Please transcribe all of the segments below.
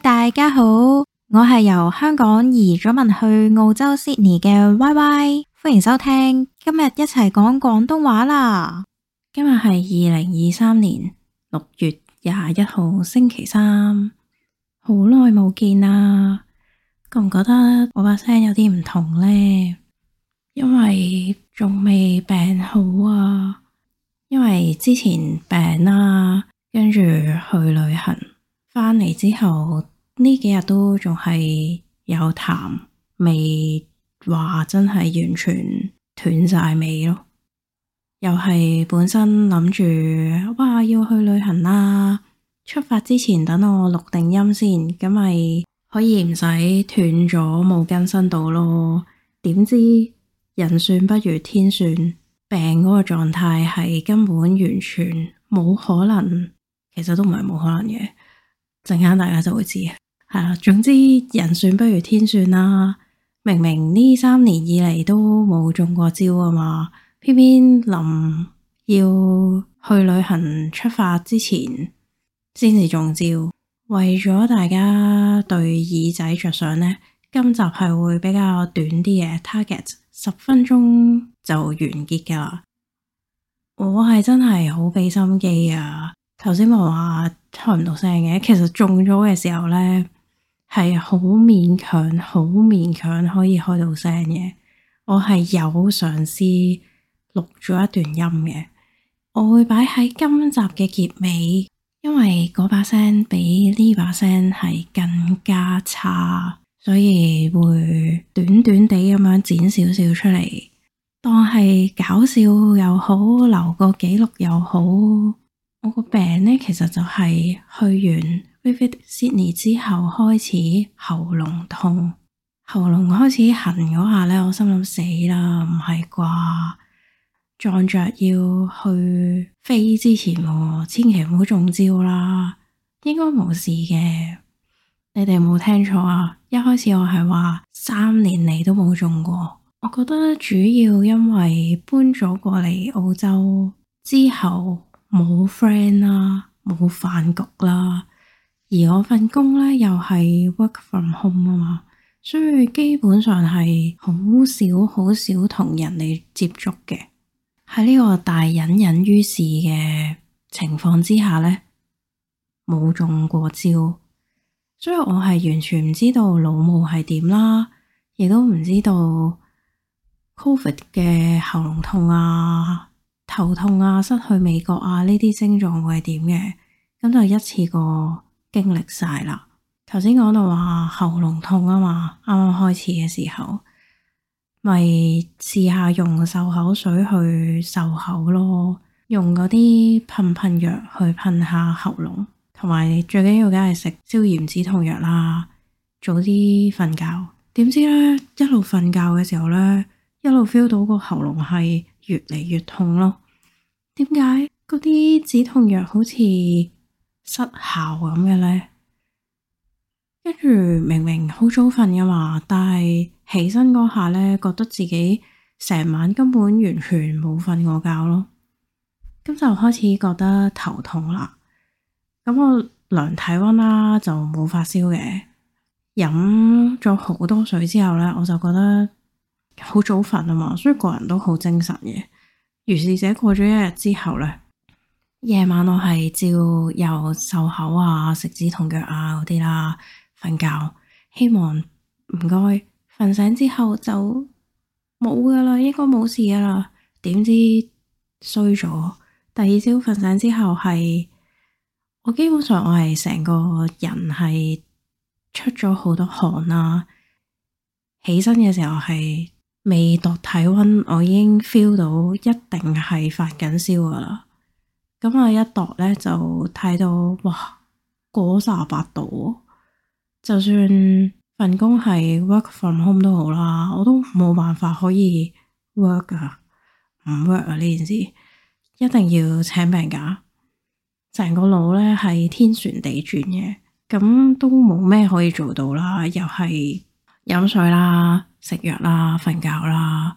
大家好，我係由香港移咗民去澳洲悉尼嘅 Y Y，歡迎收聽今日一齊講廣東話啦。今日係二零二三年六月廿一號星期三，好耐冇見啦，覺唔覺得我把聲有啲唔同呢？因為仲未病好啊，因為之前病啦，跟住去旅行。返嚟之後呢幾日都仲係有痰，未話真係完全斷晒尾咯。又係本身諗住哇要去旅行啦，出發之前等我錄定音先，咁咪可以唔使斷咗冇更新到咯。點知人算不如天算，病嗰個狀態係根本完全冇可能。其實都唔係冇可能嘅。陣間大家就會知啊。總之人算不如天算啦。明明呢三年以嚟都冇中過招啊嘛，偏偏臨要去旅行出發之前，先至中招。為咗大家對耳仔着想呢，今集係會比較短啲嘅，target 十分鐘就完結㗎喇。我係真係好俾心機啊。頭先我話。開唔到聲嘅，其實中咗嘅時候呢，係好勉強，好勉強可以開到聲嘅。我係有嘗試錄咗一段音嘅，我會擺喺今集嘅結尾，因為嗰把聲比呢把聲係更加差，所以會短短地咁樣剪少少出嚟，當係搞笑又好，留個記錄又好。我個病咧，其實就係去完 Vivid Sydney 之後開始喉嚨痛，喉嚨開始痕嗰下咧，我心諗死啦，唔係啩？撞着要去飛之前，千祈唔好中招啦，應該冇事嘅。你哋有冇聽錯啊？一開始我係話三年嚟都冇中過，我覺得主要因為搬咗過嚟澳洲之後。冇 friend 啦，冇飯局啦，而我份工咧又係 work from home 啊嘛，所以基本上係好少好少同人哋接觸嘅。喺呢個大隱隱於市嘅情況之下咧，冇中過招，所以我係完全唔知道老母係點啦，亦都唔知道 COVID 嘅喉嚨痛啊。頭痛啊，失去味覺啊，呢啲症狀會係點嘅？咁就一次過經歷晒啦。頭先講到話喉嚨痛啊嘛，啱啱開始嘅時候，咪試下用漱口水去漱口咯，用嗰啲噴噴藥去噴下喉嚨，同埋最緊要梗係食消炎止痛藥啦，早啲瞓覺。點知呢？一路瞓覺嘅時候呢，一路 feel 到個喉嚨係越嚟越痛咯。點解嗰啲止痛藥好似失效咁嘅呢？跟住明明好早瞓㗎嘛，但係起身嗰下呢，覺得自己成晚根本完全冇瞓過覺咯。咁就開始覺得頭痛啦。咁我量體溫啦，就冇發燒嘅。飲咗好多水之後呢，我就覺得好早瞓啊嘛，所以個人都好精神嘅。如是者過咗一日之後咧，夜晚我係照又漱口啊、食止痛藥啊嗰啲啦，瞓覺，希望唔該瞓醒之後就冇噶啦，應該冇事噶啦。點知衰咗第二朝瞓醒之後係，我基本上我係成個人係出咗好多汗啦，起身嘅時候係。未度體溫，我已經 feel 到一定係發緊燒噶啦。咁我一度咧就睇到，哇，過三十八度。就算份工係 work from home 都好啦，我都冇辦法可以 work 啊，唔 work 啊呢件事，一定要請病假。成個腦咧係天旋地轉嘅，咁都冇咩可以做到啦，又係飲水啦。食藥啦，瞓覺啦。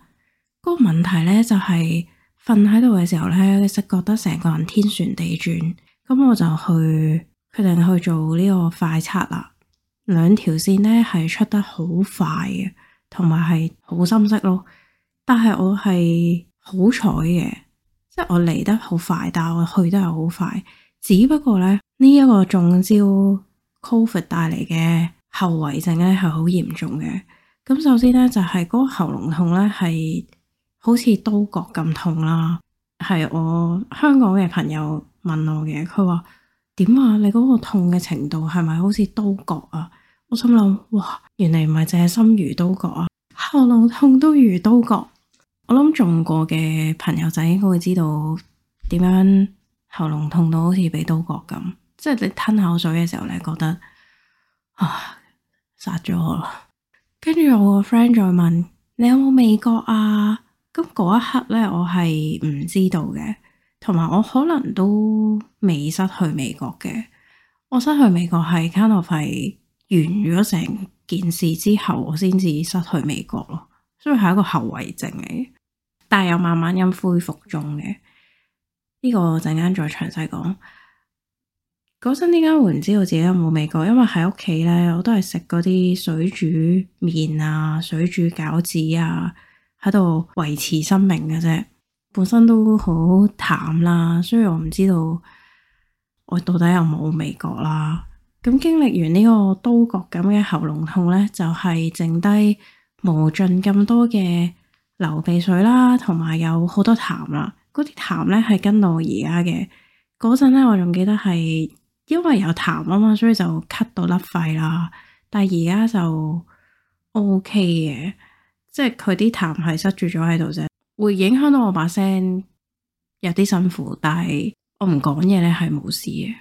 嗰個問題呢就係瞓喺度嘅時候呢，你識覺得成個人天旋地轉。咁我就去決定去做呢個快測啦。兩條線呢係出得好快嘅，同埋係好深色咯。但係我係好彩嘅，即係我嚟得好快，但係我去得係好快。只不過呢，呢、這、一個中招，Covid 帶嚟嘅後遺症呢係好嚴重嘅。咁首先咧，就係嗰個喉嚨痛咧，係好似刀割咁痛啦。係我香港嘅朋友問我嘅，佢話，點啊？你嗰個痛嘅程度係咪好似刀割啊？我心諗，哇，原嚟唔係淨係心如刀割啊，喉嚨痛都如刀割。我諗中過嘅朋友仔應該會知道點樣喉嚨痛到好似俾刀割咁，即係你吞口水嘅時候咧，覺得啊，殺咗我啦！跟住我個 friend 再問，你有冇味覺啊？咁嗰一刻呢，我係唔知道嘅，同埋我可能都未失去味覺嘅。我失去味覺係 canal 費完咗成件事之後，我先至失去味覺咯。所以係一個後遺症嚟，但係又慢慢咁恢復中嘅。呢個我陣間再詳細講。嗰陣點解會唔知道自己有冇味覺？因為喺屋企咧，我都係食嗰啲水煮麵啊、水煮餃子啊，喺度維持生命嘅啫。本身都好淡啦，所以我唔知道我到底有冇味覺啦。咁經歷完呢個刀割咁嘅喉嚨痛咧，就係剩低無盡咁多嘅流鼻水啦，同埋有好多痰啦。嗰啲痰咧係跟到我而家嘅嗰陣咧，我仲記得係。因為有痰啊嘛，所以就咳到甩肺啦。但係而家就 OK 嘅，即係佢啲痰係塞住咗喺度啫，會影響到我把聲有啲辛苦。但係我唔講嘢咧，係冇事嘅。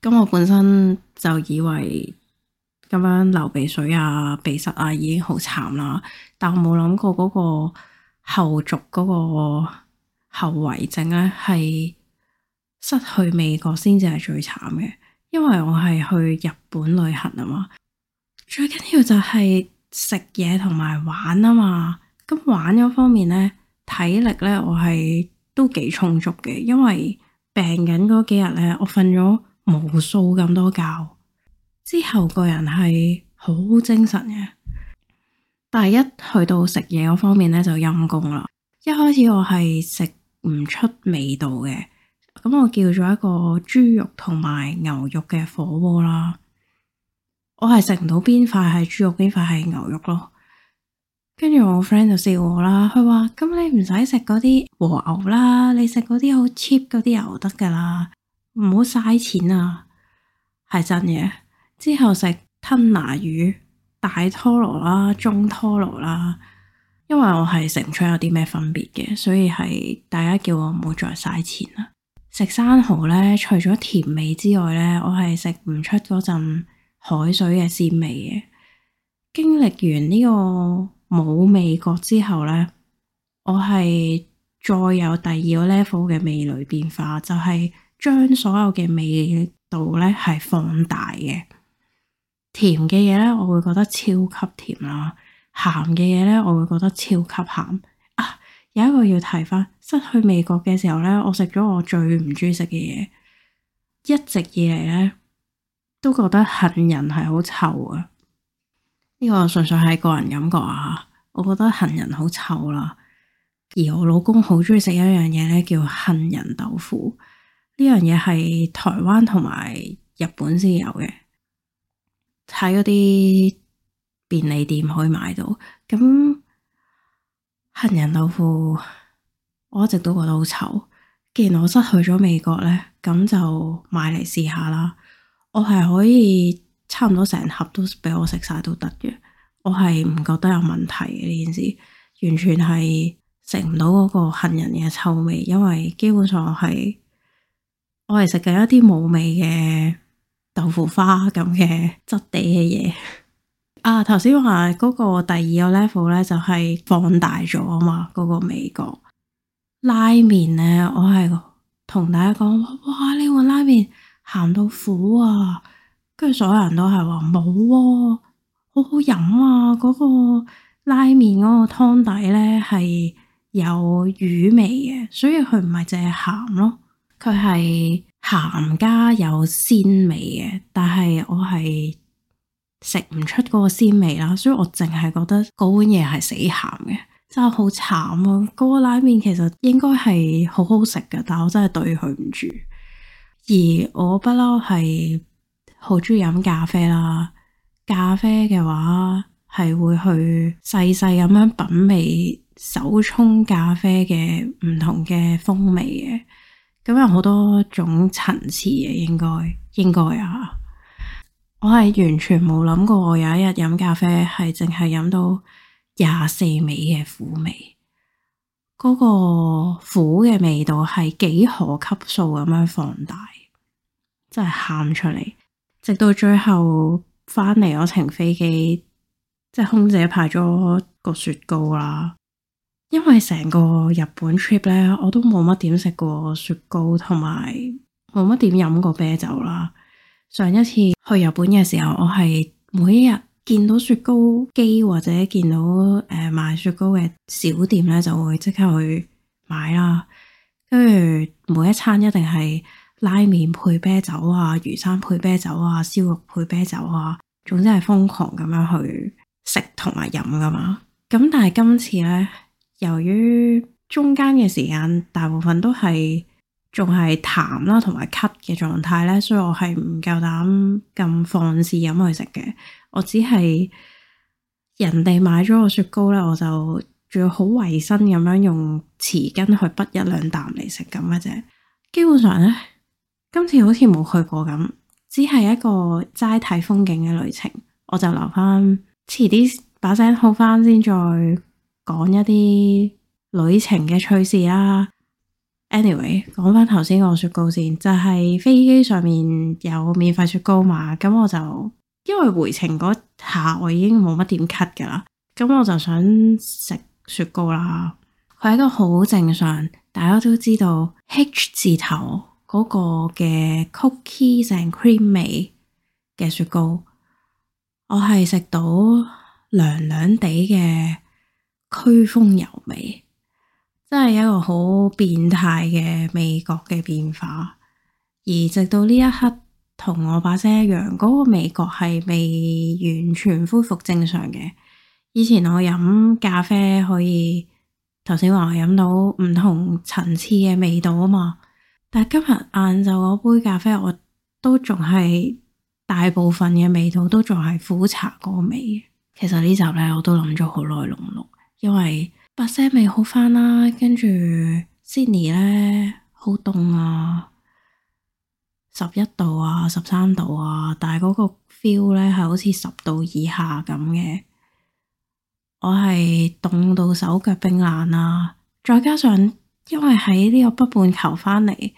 咁我本身就以為咁樣流鼻水啊、鼻塞啊已經好慘啦，但我冇諗過嗰個後續嗰個後遺症咧係失去味覺先至係最慘嘅，因為我係去日本旅行啊嘛，最緊要就係食嘢同埋玩啊嘛。咁玩嗰方面呢，體力呢，我係都幾充足嘅，因為病緊嗰幾日呢，我瞓咗無數咁多覺，之後個人係好精神嘅。但係一去到食嘢嗰方面呢，就陰功啦。一開始我係食唔出味道嘅。咁我叫咗一個豬肉同埋牛肉嘅火鍋啦，我係食唔到邊塊係豬肉邊塊係牛肉咯。跟住我 friend 就笑我啦，佢話：咁你唔使食嗰啲和牛啦，你食嗰啲好 cheap 嗰啲牛得㗎啦，唔好嘥錢啊！係真嘅。之後食吞拿魚、大拖羅啦、中拖羅啦，因為我係食唔出有啲咩分別嘅，所以係大家叫我唔好再嘥錢啦。食生蠔咧，除咗甜味之外咧，我係食唔出嗰陣海水嘅鮮味嘅。經歷完呢、這個冇味覺之後咧，我係再有第二個 level 嘅味蕾變化，就係、是、將所有嘅味道咧係放大嘅。甜嘅嘢咧，我會覺得超級甜啦；鹹嘅嘢咧，我會覺得超級鹹。有一個要提翻，失去味覺嘅時候呢，我食咗我最唔中意食嘅嘢，一直以嚟呢，都覺得杏仁係好臭啊！呢、這個純粹係個人感覺啊，我覺得杏仁好臭啦。而我老公好中意食一樣嘢呢叫杏仁豆腐。呢樣嘢係台灣同埋日本先有嘅，睇嗰啲便利店可以買到。咁。杏仁豆腐我一直都覺得好臭，既然我失去咗味覺呢，咁就買嚟試下啦。我係可以差唔多成盒都俾我食晒都得嘅，我係唔覺得有問題嘅呢件事，完全係食唔到嗰個杏仁嘅臭味，因為基本上係我係食緊一啲冇味嘅豆腐花咁嘅質地嘅嘢。啊！頭先話嗰個第二個 level 咧，就係放大咗啊嘛！嗰個美國拉麵咧，我係同大家講：哇！呢個拉麵鹹到苦啊！跟住所有人都係話冇，好好飲啊！嗰個拉麵嗰個湯底咧係有魚味嘅，所以佢唔係淨係鹹咯，佢係鹹加有鮮味嘅。但係我係。食唔出嗰個鮮味啦，所以我淨係覺得嗰碗嘢係死鹹嘅，真係好慘啊！嗰、嗰個拉麵其實應該係好好食㗎，但我真係對佢唔住。而我不嬲係好中意飲咖啡啦，咖啡嘅話係會去細細咁樣品味手沖咖啡嘅唔同嘅風味嘅，咁有好多種層次嘅，應該應該啊。我係完全冇諗過，我有一日飲咖啡係淨係飲到廿四味嘅苦味，嗰個苦嘅味道係幾何級數咁樣放大，真係喊出嚟。直到最後翻嚟，我程飛機，即係空姐派咗個雪糕啦。因為成個日本 trip 咧，我都冇乜點食過雪糕，同埋冇乜點飲過啤酒啦。上一次去日本嘅時候，我係每一日見到雪糕機或者見到誒、呃、賣雪糕嘅小店咧，就會即刻去買啦。跟住每一餐一定係拉麵配啤酒啊，魚生配啤酒啊，燒肉配啤酒啊，總之係瘋狂咁樣去食同埋飲噶嘛。咁但係今次咧，由於中間嘅時間大部分都係。仲係痰啦，同埋咳嘅狀態呢，所以我係唔夠膽咁放肆咁去食嘅。我只係人哋買咗個雪糕呢，我就仲要好衛生咁樣用匙羹去潷一兩啖嚟食咁嘅啫。基本上呢，今次好似冇去過咁，只係一個齋睇風景嘅旅程。我就留翻遲啲把聲好翻先，再講一啲旅程嘅趣事啦。Anyway，講翻頭先個雪糕先，就係、是、飛機上面有免費雪糕嘛，咁我就因為回程嗰下我已經冇乜點咳噶啦，咁我就想食雪糕啦。佢係一個好正常，大家都知道 H 字頭嗰、那個嘅 Cookies and Cream 味嘅雪糕，我係食到涼涼地嘅驅風油味。真係一個好變態嘅味覺嘅變化，而直到呢一刻，同我把聲一樣，嗰個味覺係未完全恢復正常嘅。以前我飲咖啡可以，頭先話我飲到唔同層次嘅味道啊嘛，但係今日晏晝嗰杯咖啡，我都仲係大部分嘅味道都仲係苦茶嗰味。其實呢集咧，我都諗咗好耐濃濃，因為。把聲未好翻啦，跟住悉尼咧好凍啊，十一度啊，十三度啊，但係嗰個 feel 咧係好似十度以下咁嘅，我係凍到手腳冰冷啦、啊，再加上因為喺呢個北半球翻嚟，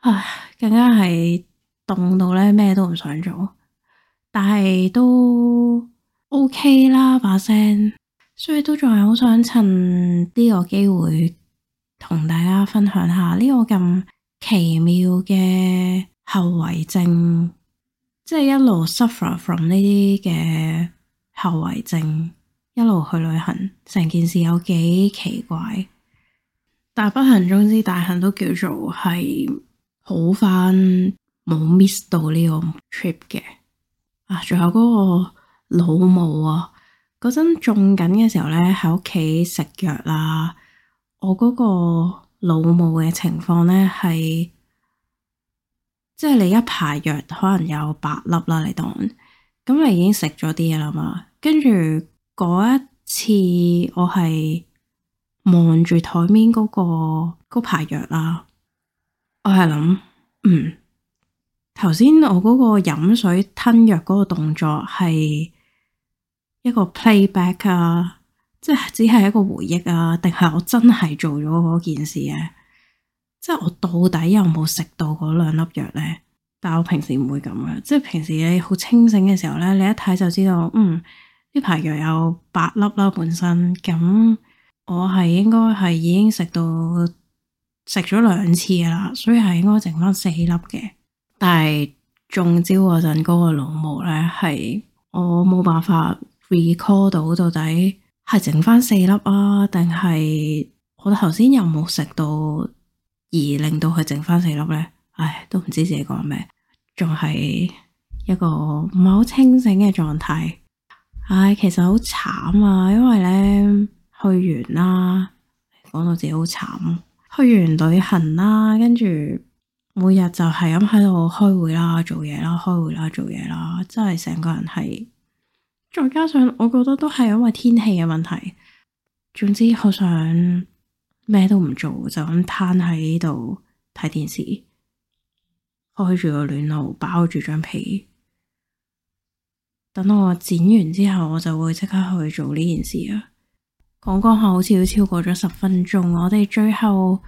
唉，更加係凍到咧咩都唔想做，但係都 OK 啦把聲。聲。所以都仲係好想趁呢個機會同大家分享下呢個咁奇妙嘅後遺症，即係一路 suffer from 呢啲嘅後遺症，一路去旅行，成件事有幾奇怪，但係不幸中之大幸都叫做係好翻，冇 miss 到呢個 trip 嘅。啊，仲有嗰個老母啊！嗰陣中緊嘅時候咧，喺屋企食藥啦。我嗰個腦霧嘅情況咧，係即係你一排藥可能有八粒啦，你當咁你已經食咗啲嘢啦嘛。跟住嗰一次我，那個，我係望住台面嗰個嗰排藥啦，我係諗，嗯，頭先我嗰個飲水吞藥嗰個動作係一個 playback 啊，即係只係一個回憶啊，定係我真係做咗嗰件事啊？即係我到底有冇食到嗰兩粒藥呢？但係我平時唔會咁嘅，即係平時你好清醒嘅時候呢，你一睇，就知道，嗯，呢排藥有八粒啦，本身。咁我係應該係已經食到食咗兩次啦，所以係應該剩翻四粒嘅。但係中招嗰陣嗰個腦霧呢，係我冇辦法。Record 到到底係剩翻四粒啊？定係我頭先又冇食到，而令到佢剩翻四粒咧？唉，都唔知自己講咩，仲係一個唔係好清醒嘅狀態。唉，其實好慘啊，因為咧去完啦、啊，講到自己好慘，去完旅行啦、啊，跟住每日就係咁喺度開會啦、做嘢啦、開會啦、做嘢啦，真係成個人係。再加上，我覺得都係因為天氣嘅問題。總之，好想咩都唔做，就咁攤喺度睇電視，開住個暖爐，包住張被，等我剪完之後，我就會即刻去做呢件事啊！講講下，好似都超過咗十分鐘。我哋最後，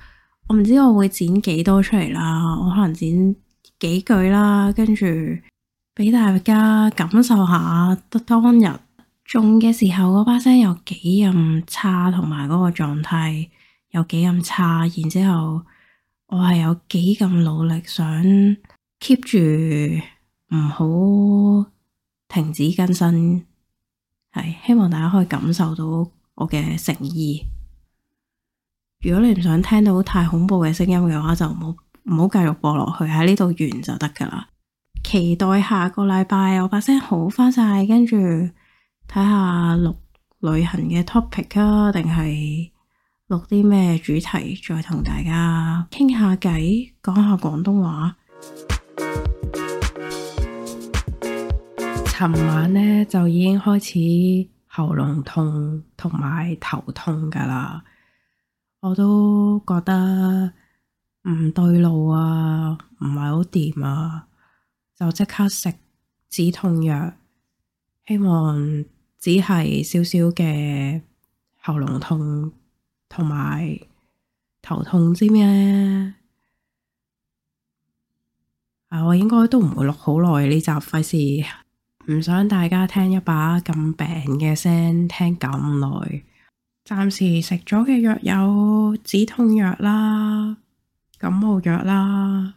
我唔知我會剪幾多出嚟啦，我可能剪幾句啦，跟住。俾大家感受下，當日中嘅時候，嗰把聲有幾咁差，同埋嗰個狀態有幾咁差。然之後我係有幾咁努力，想 keep 住唔好停止更新。係希望大家可以感受到我嘅誠意。如果你唔想聽到太恐怖嘅聲音嘅話，就唔好唔好繼續播落去，喺呢度完就得噶啦。期待下個禮拜我把聲好翻晒，跟住睇下錄旅行嘅 topic 啊，定係錄啲咩主題，再同大家傾下偈，講下廣東話。尋 晚呢，就已經開始喉嚨痛同埋頭痛噶啦，我都覺得唔對路啊，唔係好掂啊。就即刻食止痛藥，希望只係少少嘅喉嚨痛同埋頭痛啫咩？啊，我應該都唔會錄好耐呢集，費事唔想大家聽一把咁病嘅聲聽咁耐。暫時食咗嘅藥有止痛藥啦、感冒藥啦。